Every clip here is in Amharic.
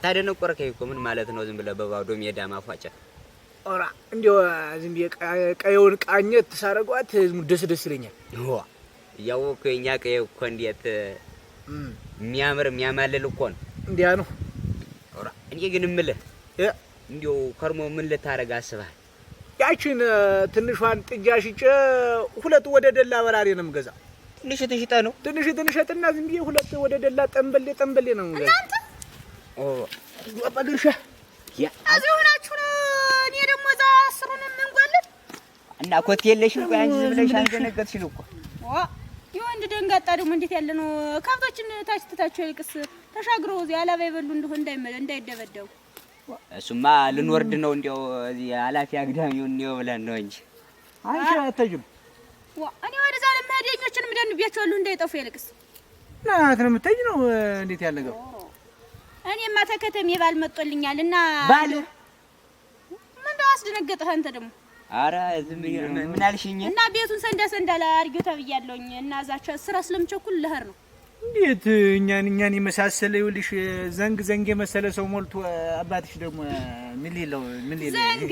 አታደነቆርከኝ እኮ ምን ማለት ነው? ዝም ብለህ በባዶ ሜዳ ማፏጨ ኦራ እንዲያው ዝም ብዬ ቀየውን ቃኘት ተሳረጓት ዝም ደስ ደስ ይለኛል። ዋ እያወቅኩ የኛ ቀየ እኮ እንዴት የሚያምር የሚያማልል እኮ ነው። እንዲያ ነው። ኦራ እኔ ግን እምልህ እንዲያው ከርሞ ምን ልታረግ አስበሃል? ያችን ትንሿን ጥጃ ሽጬ ሁለት ወደ ደላ በራሪ ነው የምገዛው። ትንሽ ትንሽ ነው ትንሽ ትንሽ እና ዝም ብዬ ሁለት ወደ ደላ ጠንበሌ ጠንበሌ ነው የምገዛው በድርሻ እዚሁ ሆናችሁ ነው። እኔ ደግሞ እዛ አስሩን እንንጓለን እና ኮት የለሽም። ቆይ አንቺ ዝም ብለሽ አንገነገጥሽን እኮ የወንድ ደንጋጣ ደግሞ እንዴት ያለ ነው? ከብቶችን ታች ትታቸው ይልቅስ ተሻግሮ አላባ የበሉ እንደሆነ እንዳይደበደቡ። እሱማ ልንወርድ ነው እንዲያው አላፊ አግዳሚው እንየው ብለን ነው እንጂ አንቺ አትሄጂም። እኔ ወደዛ ለመሄድ የእኞችንም ደንብያቸዋለሁ እንዳይጠፉ። ይልቅስ ናት ነው የምትሄጂ ነው እንዴት ያለ ገቡ እኔማ ተከተሜ ባል መጥቶልኛል እና ባል ምንድን አስደነገጠህ አንተ ደግሞ? ኧረ ዝም ምን አልሽኝ? እና ቤቱን ሰንዳ ሰንዳ አድርጊው ተብያለሁኝ እና እዛች ስራ ስለምቸኩል ለህር ነው። እንዴት እኛን እኛን የመሳሰለ ይኸውልሽ ዘንግ ዘንግ የመሰለ ሰው ሞልቶ አባትሽ ደግሞ ምን ሊለው ምን ሊለው ዘንግ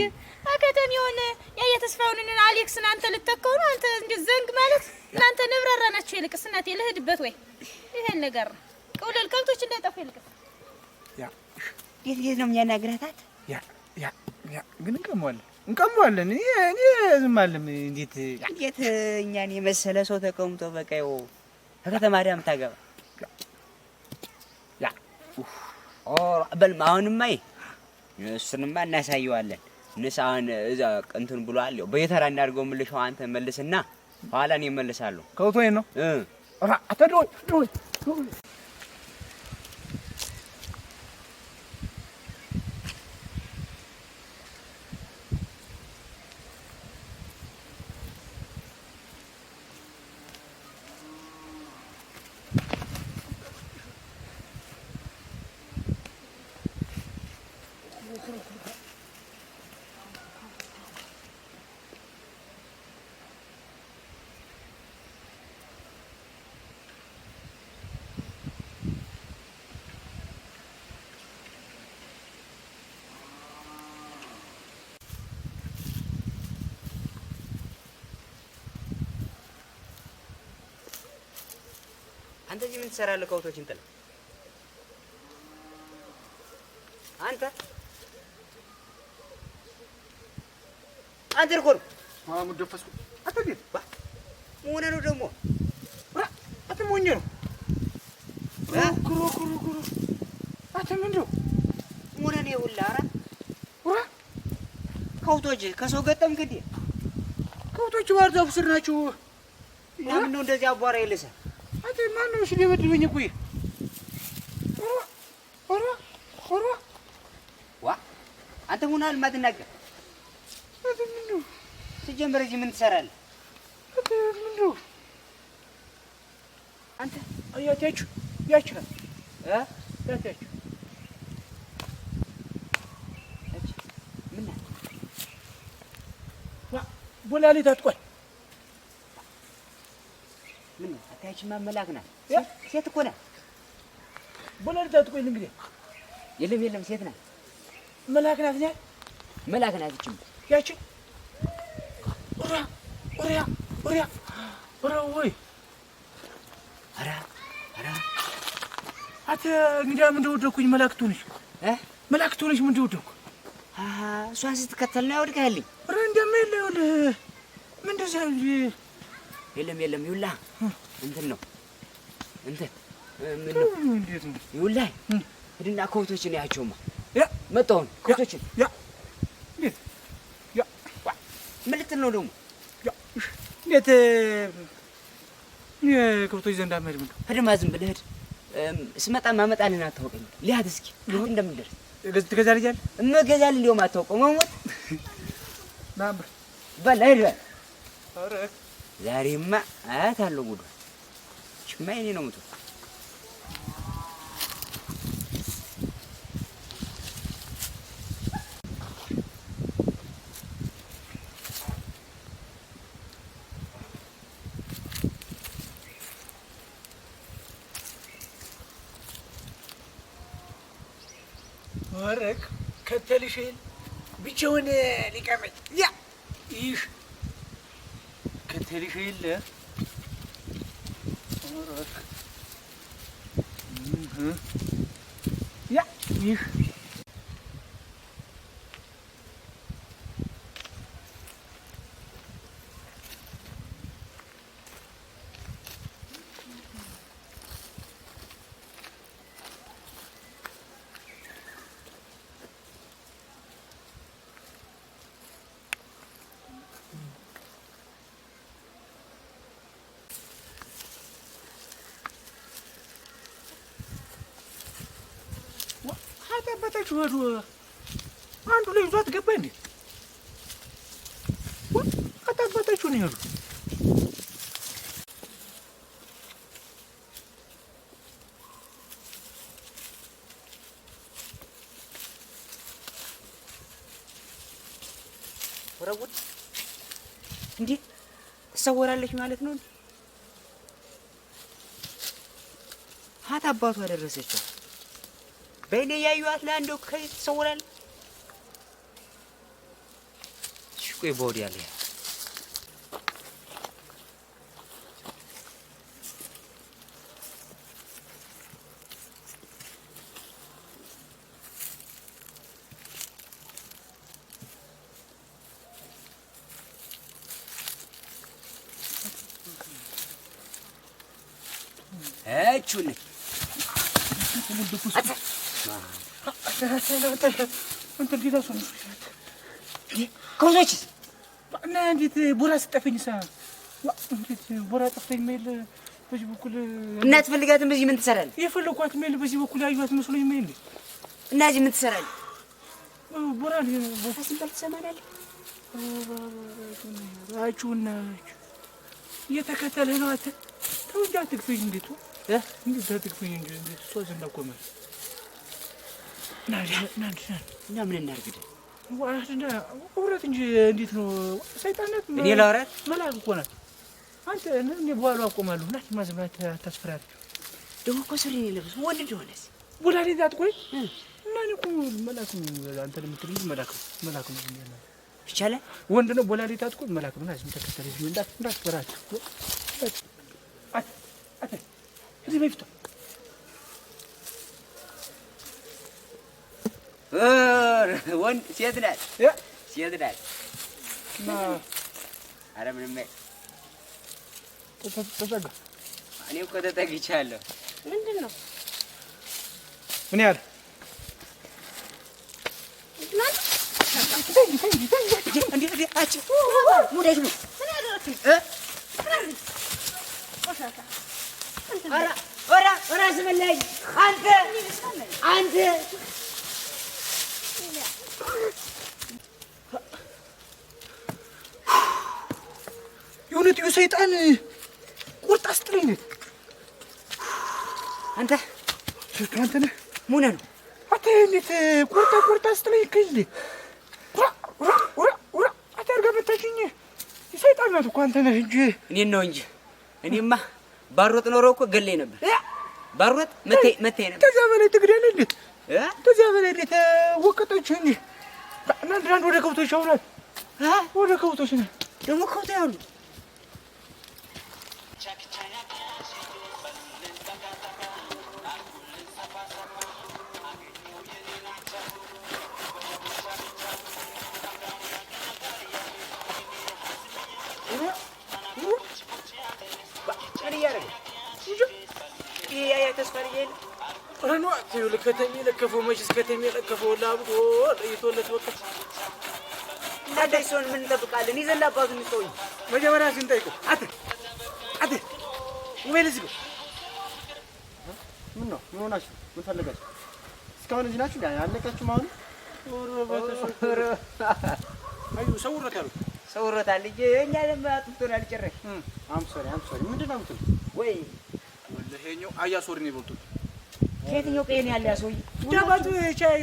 አከተም የሆነ ያ የተስፋውን እና አሌክስን አንተ ልትተካው ነው አንተ እንደ ዘንግ ማለት እናንተ ነብራራ ናቸው። ይልቅስ እናቴ ልሄድበት ወይ ይሄን ነገር ነው ቀውለል ከብቶች እንዳይጠፉ ይልቅስ የት ነው የሚያናግራታት? ያ ያ ያ ግን እንቀመዋለን እንቀመዋለን። እኔ ዝም አለም። እንዴት እንዴት እኛን የመሰለ ሰው ተቀምጦ በቃ ይኸው ከከተማ ዳም ታገባ ያ ኦ በልም። አሁንማ እሱንማ እናሳየዋለን። ንስን እዛ እንትን ብሏል። ያው በየተራ እናድርገው። ምልሻው አንተ መልስና ኋላ እኔ እመልሳለሁ። ከውቶኝ ነው አታ አንተ እዚህ ምን ትሰራለህ? ከውቶችን ጥለህ አንተ አንተ እኮ ነው ማሙ ደፈስኩ። አትግድ ባ ሆነ ነው ደግሞ ራ አትሞኝ ነው ኩሩ ኩሩ ኩሩ አትምንዶ ሆነ ነው ሁላ አራ ብራ ከውቶች ከሰው ገጠም ግዴ ከውቶች ባህር ዛፉ ስር ናችሁ። ለምን ነው እንደዚህ አቧራ የለሰ አንተ ማነው እሱ ደበድበኝ እኮ ይሄ ዋ አንተ ሆናል ማትናገር ስጀምር እዚህ ምን ትሰራለህ? አንተ ያቻችሁ ያችኋል ያቻችሁ ምን ቦላሌ ታጥቋል። ያቺማ መላክ ናት። ሴት እኮ ናት። በለልታት ቆይ እንግዲህ የለም የለም፣ ሴት ናት። መላክ ናት። ነህ መላክ ናት። እችም ያቺ ኡራ ኡራ ኡራ ኡራ ወይ አራ አራ አተ እንግዲያም እንደወደኩኝ መላክቱ ነሽ እ መላክቱ ነሽ ምን እንደወደኩ አሃ እሷን ስትከተል ነው ያወድቅህልኝ። ኧረ እንደምን የለ ይኸውልህ ምን እንደዚያ የለም የለም ይኸውልህ እንትን ነው እንትን ምን ነው ይኸውልህ፣ ሂድና ከብቶችን ያቸውማ ከብቶችን ምን ልትል ነው ደግሞ እንዴት ዘንድ አመድ ሂድማ ዝም ብለህ ሂድ። ስመጣ አታውቀኝ። ሊያት እስኪ እንደምንደርስ አታውቀው መሞት በል ሂድ በል ዛሬማ አያት አለው ማ የእኔ ነው ከተልሽን ብቻውን ያ ይሽ ከተልሽ የለ Так. Угу. Я міг. ወዱ አንዱ ላይ ይዟት ገባ እንዴ? ነው ያሉ እንዴ ትሰወራለች ማለት ነው። ሀት አባቱ በእኔ ያዩት ለአንዱ ከየት ይሰውራል? እሺ ቆይ በወዲያ ያለ እቹን ከሁላችስ እና እንዴት ቦራ ስጠፈኝ ቦራ ጠፈኝ ሜል በዚህ በኩል እና ትፈልጋትም በዚህ ምን ትሰራለህ? የፈለኳት ሜል በዚህ በኩል ያዩት መስሎኝ ሜል እና እዚህ ምን ትሰራለህ? ቦራ ቦታ ትሰማናለህ። አችሁና እየተከተልህ ነው። አንተ ተው እንጂ አትግፈኝ። እንዴት እንዴት አትግፈኝ እንጂ እንዴት እሷ ዘንድ እና ምን እናድርግ? ውረት እንጂ እንዴት ነው? ሰይጣን እኔ ላውራት መልአክ እኮ ናት። አንተ እኔ በኋላ አቆማለሁ። ናት ማዝምናት አታስፈራሪ። ደግሞ እኮ ነው የለብስ ወንድ እንደሆነስ ወላዴ ዛት ቆይ እና እኔ እኮ መልአክ ነው። አንተ የምትልኝ መልአክ ነው፣ መልአክ ነው ይቻላል። ወንድ ነው ወላዴ ዛት ቆይ መልአክ ነው። ናዝም ተከተለች እንዳትፈራችሁ። እዚህ በፊቷ ወንድ ሴት ናት ሴት ናት። ኧረ ምንም ተጠጋ። እኔ እኮ ተጠግቻለሁ። ምንድን ነው ምን ያህል አንተ አንተ የእውነት ሰይጣን ቁርጥ አስጥለኝ። አንተ አንተ ነህ ሙነ ነው አንተ እንዴት ቁርጣ ቁርጣ አስጥለኝ ከይል አታርጋ መታችኝ። የሰይጣን ናት እኮ አንተ ነህ እንጂ እኔን ነው እንጂ እኔማ ባሮጥ ኖሮ እኮ ገሌ ነበር። ባሮጥ መታኝ ነበር። ከዚያ በላይ ትግዳለህ እንዴት በዚያ በላይ እንዴት ወቀጦች እንዴ አንዳንድ ወደ ከብቶች አውላል ወደ ከብቶች ነ ደግሞ ከብቶ ያሉ ተስፋ ረኗት ለከፈው መችስ ከተሜ ለከፈው ላብዶ ለይቶለት በቃ እንዳዳይ ምን እንጠብቃለን? ይዘን ለአባቱ እንጠውኝ መጀመሪያ ስንጠይቀው አት አት ሞባይል ምን ነው? ምን ሆናችሁ? ምን እስካሁን እዚህ ናችሁ? አሁን ሰውረታል ሰውረታል እኛ ደማ አም ሶሪ አም ሶሪ ምንድን ነው የምትለው ወይ ወላሂ አያ ሶሪ ነው የበልጡት ከየትኛው ቀን ያለ ያ ሰውዬ ደባቱ ቻይ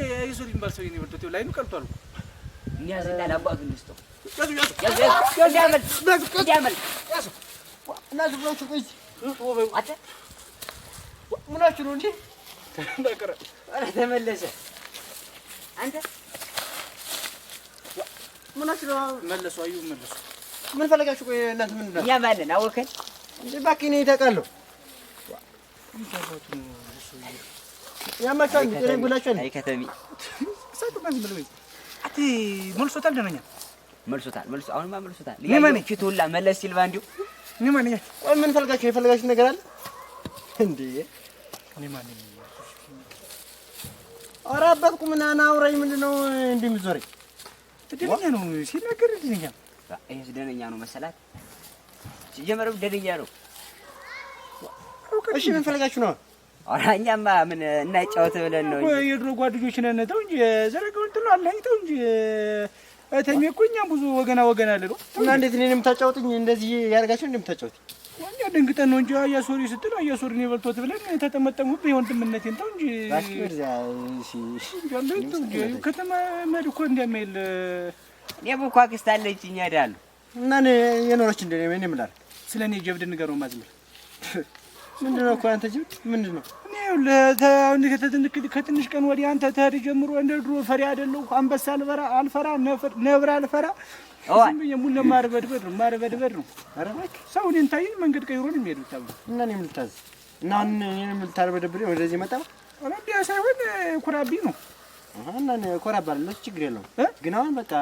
የሚባል ሰውዬ ነው የወደደው። ላይኑ ቀልቷል እኮ ለአባቱ እንስጠው። ምናችሁ ነው እንዴ? ኧረ ተመለሰ። አንተ ምናችሁ ነው? መለሱ። አየሁ መለሱ። ምን ፈለጋችሁ? ቆይ እናንተ ምንድን ነው? እኛ ማን ነን? አወከን እባክህ እኔ ታውቃለሁ። ያመቻል። ብለኝ መልሶታል። ደነኛ መልሶታል። መልሶ አሁንማ መልሶታል። ለምን ፊቱ ሁላ መለስ ሲል ባንዲው ምን ማን ነኝ? ቆይ ምን ፈልጋችሁ ነገር አለ እንዴ? እኔ ማን ነኝ? ኧረ አባትኩ ምን አናውራኝ ምንድን ነው እንዲህ የምትዞረኝ? ደነኛ ነው ሲናገር ደነኛ ነው። ይሄስ ደነኛ ነው መሰላት ሲጀመረው ደነኛ ነው። እሺ ምን ፈልጋችሁ ነው? እኛማ ምን እናጫወት ብለን ነው የድሮ ጓደኞች ነን። ተው እንጂ ዘረጋው ትሎ አለኝ። ተው እንጂ እተሜ እኮ እኛም ብዙ ወገና ወገና አለ ነው እና እንዴት እኔን የምታጫወትኝ እንደዚህ ያደርጋቸው እንደምታጫወት እኛ ደንግጠን ነው እንጂ አያ ሶሪ ስትል አያ ሶሪ ነው የበልቶት ብለን ተጠመጠሙብህ። የወንድምነቴን ተው እንጂ ከተማ መድ እኮ እንደሚል እኔ በኳ ክስት አለች እኛ ዳሉ እና የኖረች እንደ ምን ምላል ስለ እኔ ጀብድ ንገረው ማዝምር ምንድን ነው እኮ አንተ ጅብ ምንድን ነው? ከትንሽ ቀን ወዲህ አንተ ተህሪ ጀምሮ እንደ ድሮ ፈሪ አይደለሁ። አንበሳ አልበራ አልፈራ፣ ነብር አልፈራ። ሙለ ማርበድበድ ነው ማርበድበድ ነው። ኧረ እባክህ ሰው እኔን ታይኝ መንገድ ቀይሮ ነው የሚሄዱት። እና እኔም ልታዝ እና እኔም ልታርበደብድ ወደዚህ መጣ እንዲያ ሳይሆን ኩራቢ ነው እና ኮራባ ለሱ ችግር የለውም። ግን አሁን በቃ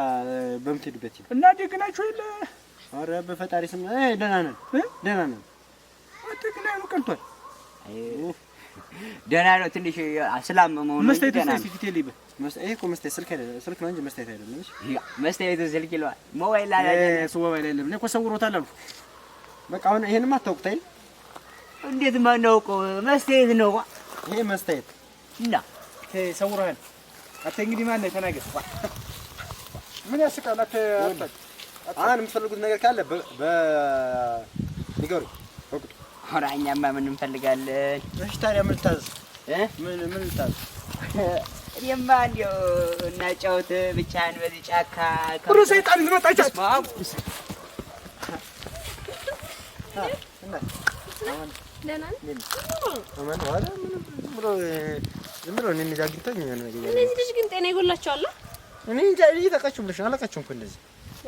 በምትሄድበት እና ደግናችሁ የለ ኧረ በፈጣሪ ስም ደህና ነን፣ ደህና ነን ደህና ነው። ትንሽ ስላመመው ነው። መስታየት ስልክ ነው እንጂ መስታየት አይደለም። እኮ ሰውሮታል አልኩ። በቃ አሁን ይሄንማ አታውቁት አይደል? እንዴት ማናውቀው? መስታየት ነው ይሄ መስታየት እና ሰውሮሃል። አንተ እንግዲህ ማነህ ተናገር። ምን ያስቃል? አሁን የምትፈልጉት ነገር ካለ በ በቁጥር ኧረ እኛማ ምን እንፈልጋለን? እሺ ታዲያ ምን ልታዝ? ምን ምን ልታዝ? እኔማ እንዲያው እናጫውት ብቻህን በዚህ ጫካ ብሩ ሰይጣን ልመጣ ዝም ብሎ እኔ አግኝታኝ የሆነ ነገር እነዚህ ልጅ ግን ጤና ይጎላቸዋል። እኔ እንጃ እየጠቃችሁ ብለሽ አላቃችሁም እኮ እንደዚህ።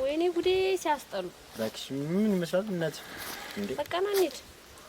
ወይኔ ጉዴ ሲያስጠሉ! እባክሽ ምን ይመስላል እናት እንዴ! በቃ ና እንሂድ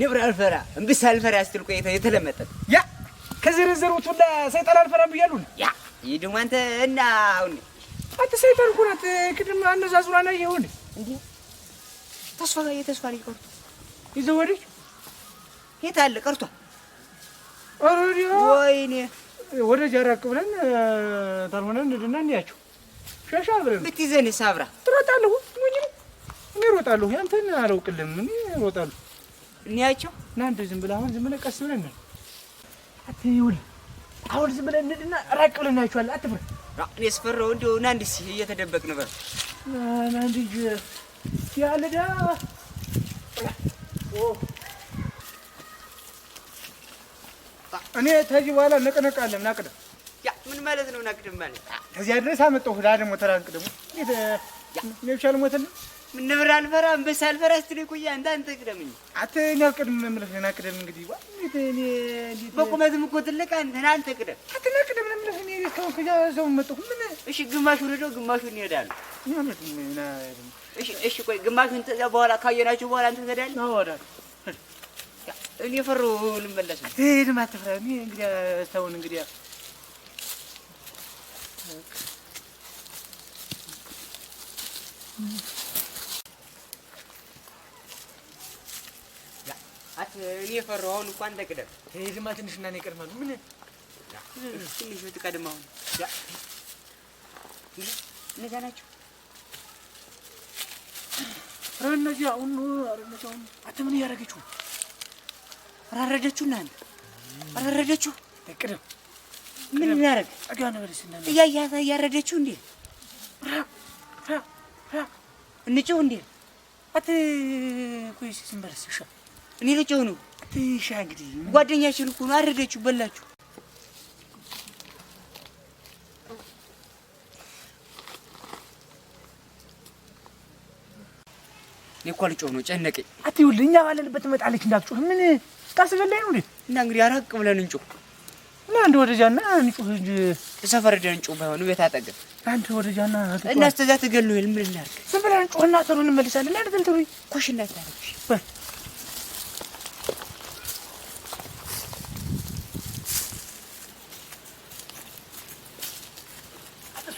ንብረ አልፈራ እምብሳ አልፈራ ስትል ቆይታ የተለመጠ ያ ከዝርዝሩት ሁላ ሰይጣን አልፈራም ብያለሁ። ያ ይህ አንተ እና አሁን አንተ ሰይጣን እኮ ናት። ቅድም አነዛዙራ ና ይሁን እንዴ ተስፋ የተስፋ ልጅ ቀርቶ ይዘው ወዲህ የት አለ ቀርቷል። ኦሬዲዮ ወይኔ ወደ ጃራቅ ብለን ታልሆነ እንድና እንያቸው ሻሻ ብለን ብትይዘንስ አብራ ትሮጣለሁ። ምን ይሮጣለሁ? ያንተን አላውቅልም። ምን ይሮጣለሁ እንያቸው እና እንደው ዝም ብለህ አሁን ዝም ብለህ ቀስ ብለህ እንሂድ። አትይውል አሁን ዝም ብለህ እንሂድና ራቅ ብለህ እናያቸዋለን። አትፍራ። እኔ ስፈራው እንደው ና እንዲህ እየተደበቅ ነበር ና እንዲህ ያለዳ እኔ ተዚህ በኋላ ነቅነቅ አለም ናቅደም ያ ምን ማለት ነው? ናቅደም ማለት ከዚያ ድረስ አመጣሁ ዳ ደግሞ ተራንቅ ደግሞ እንዴት ነው ምን ነብር አልፈራ አንበሳ አልፈራ ስትል ቆይ አንተ አንተ ቅደምኝ አትኔ የምልህ እና ቅደም እንግዲህ ዋ እኔ በቁመትም እኮ ትልቅ አንተ ነህ አንተ ቅደም አትኔ ቅደም የምልህ እኔ ሰው ከዛ ዘው መጥሁ ምን እሺ ግማሹን ሄደው ግማሹን ይሄዳሉ እሺ እሺ ቆይ ግማሹን በኋላ በኋላ አንተ ትሄዳለህ እኔ ፈሩ ልመለስ ነው እሄድም አትፍራ እኔ እንግዲህ ሰውን እንግዲህ mm እኔ የፈራሁ አሁን እንኳን ተቅደም ይሄድማ ትንሽ እና እኔ እቀድማለሁ። ምን ትንሽ ብትቀድም አሁን እነዚያ ናቸው። ኧረ እነዚህ አሁን ኧረ እነዚህ አሁን አንተ ምን እያደረገችው? ኧረ አረደችው አንተ ኧረ አረደችው። ምን እናደርግ? ጠጋ ነው በልስ እና እያረደችው እንዴ እንጭው እንዴ አት ኩይስ ስንበለስ ይሻል እኔ ልጨው ነው። ትንሽ እንግዲህ ጓደኛችን እኮ ነው። አረደችሁ፣ በላችሁ። እኔ እኮ ልጨው ነው፣ ጨነቀኝ። አትይውልኝ፣ እኛ ባለንበት ትመጣለች። እንዳትጮህ ምን ታስበላኝ ነው እንዴ? እና እንግዲህ አራቅ ብለን እንጮህ እና አንድ ወደጃና እንጮህ እንጂ ሰፈር ደን እንጮህ ባይሆን ቤት አጠገብ አንድ ወደጃና እና እስከዚያ ትገል ነው የምልህ። እናድርግ ዝም ብለን እንጮህና ቶሎ እንመልሳለን። አንድ እንትን ኩሽ እናት በል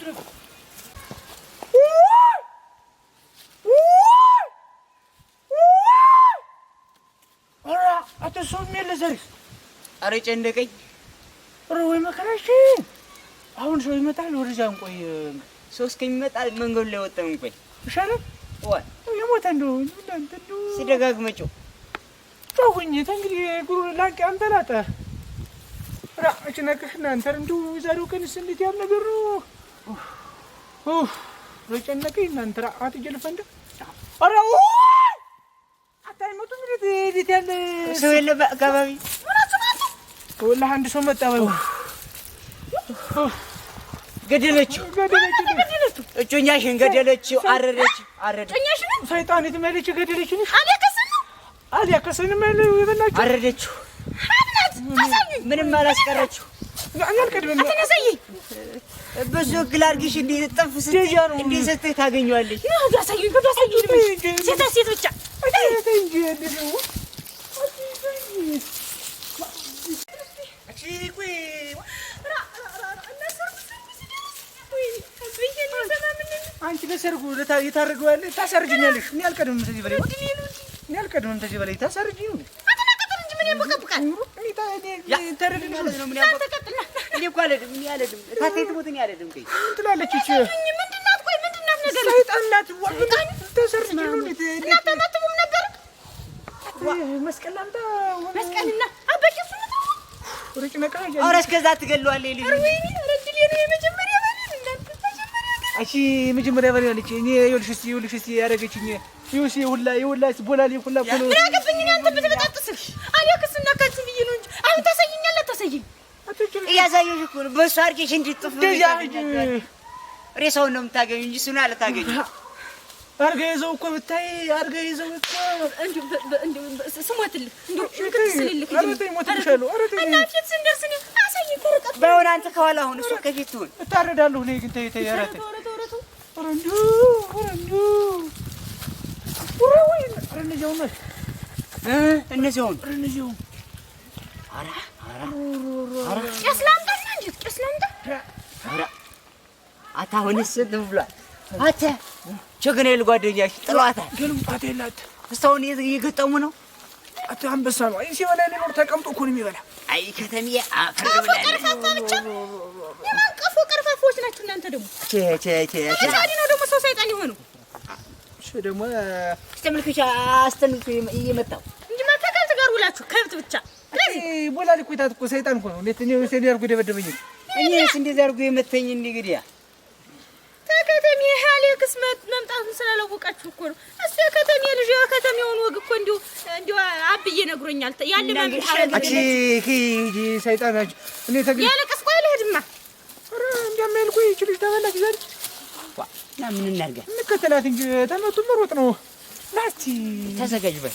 Şuraya bak. አቶ ሰው የሚያለዘርስ ጨነቀኝ። አረ ወይ መከራሽ! አሁን ሰው ይመጣል። ወደዛ እንቆይ። ሰው እስከሚመጣ መንገዱ ላይ ወጣን እንቆይ። ሻለ የሞተ እንደው ሲደጋግመ ጨው ጨውኝ ተእንግዲህ ጉሩ ላንቅ አንጠላጠ ራ እችነቅሽ እናንተር እንዲሁ የዛሬው ቀንስ እንዴት ያለ ነገሩ ለጨነቀኝ እናንተ ራአት እጀል ፈንደ ኧረ አታይመጡም? እንዴት ያለ ሰው የለ በአካባቢ ወላሂ አንድ ሰው መጣ። በይ ገደለችው፣ ገደለችው፣ እጮኛሽን ገደለችው፣ አረደችው፣ አረደችው። ሰይጣን የትመለችው ገደለችው፣ አልያ ከሰንም ያለ የበላችሁ አረደችው። ምንም አላስቀረችው። አልቀድምም ብዙ እግል አድርጊሽ እንዲህ ስትይ እንዲህ ስትይ ታገኘዋለሽ። ያሳዩኝ ሴት ሴት ብቻ አንቺ ለሰርጉ ታደርገዋለሽ፣ ታሰርጅኛለሽ። እኔ አልቀድምም ተዚህ በላይ እኔ አልቀድምም ተዚህ በላይ ታሰርጅኝ እኔ እኮ አልሄድም፣ እኔ አልሄድም። ታታይ ትሞት እኔ አልሄድም። ቆይ ትላለች እቺ ምንድን ናት? ቆይ ምንድን ናት? ነገር ሰይጣን ናት። ወጣን ተሰርቶ ነው እናንተ አታትሙም ነበር። መስቀል ላምጣ፣ መስቀል እና እሱ ነው ሩጭ ነቃ ያለ ኧረ እስከዛ ትገለዋለህ። ልጅ ወይኔ በሬ እሺ፣ መጀመሪያ በሬ እኔ ይኸውልሽ እስኪ ይኸውልሽ እስኪ ያደረገችኝ ይኸውልሽ ሁላ ይኸውልሽ ቦላሌ ሁላ እያሳየሽ እኮ ነው። በእሱ አድርጌሽ እንዲጥፍ ሬሳውን ነው የምታገኙ እንጂ እሱን አልታገኙ። አድርጋ ይዘው እኮ ብታይ አድርጋ ይዘው እኮ ስሞትልህ በአሁን አንተ ከኋላ አሁን እሷ ከፊት ትሁን እታረዳለሁ። እኔ ግን ተይ ተይ፣ ኧረ ተይ እነዚያውን ቄስ ላምጣና እንጂ ቄስ አታ አሁንስ እንትን ብሏል። አታ ቸገና የለ ጓደኛሽ ጥሏታል። ግን ውጣት የላት እስካሁን እየገጠሙ ነው። አታ አንበሳ ነው። አይ ሲበላ ሊኖር ተቀምጦ እኮ ነው የሚበላ። አይ ከተምዬ አፈር ቀርፋፋ ብቻ የማንቀፉ ቀርፋፋዎች ናቸው እናንተ። ደግሞ ቼ ነው ደግሞ ሰው ሳይጣን የሆነው እሺ። ደግሞ አስተምልክሽ አስተምልክ እየመጣው እንጂ ማ ጋር ውላችሁ ከብት ብቻ ቦላ እኮ እኮ ሰይጣን እኮ ነው። እንዴት እኔ አድርጎ የደበደበኝ እኔስ እንደዚህ አድርጎ የመታኝ እንግዲያ ከከተሜ አሌክስ መምጣቱን ስላላወቃችሁ እኮ ነው። እሱ የከተሜ ልጅ የከተሜውን ወግ እኮ እንዲሁ እንዲሁ አብዬ ነግሮኛል። ያለ ያለቀስ ቆይ ልሂድማ እንዲያማይልኩ ይችልሽ ተበላሽ ዘንድ ምን እናድርጋለን? እንከተላት እንጂ ተመቱ መሮጥ ነው ናስቲ ተዘጋጅበት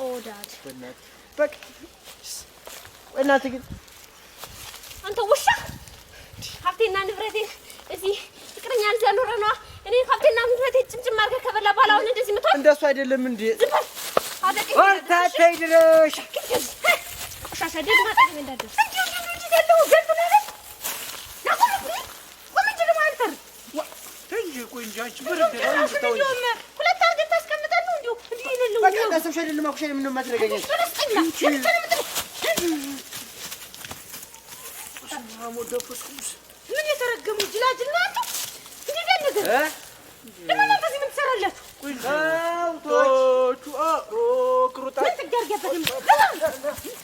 እናት ግን አንተ ውሻ ሀብቴና ንብረቴ እዚህ ፍቅረኛ ልጅ ያኖረ ነዋ። እኔ ሀብቴና ንብረቴ ጭምጭም አድርገህ ከበላ በኋላ አሁን እንደዚህ ምትሆን እንደሱ አይደለም እንዴ? ቆይ እንጂ አንቺ ምን የተረገሙ ጅላጅል ናቸው። እንዴት ምን ትሰራላችሁ? ቁንጆቹ አሮ ክሩጣ ምን ትጋርገበትም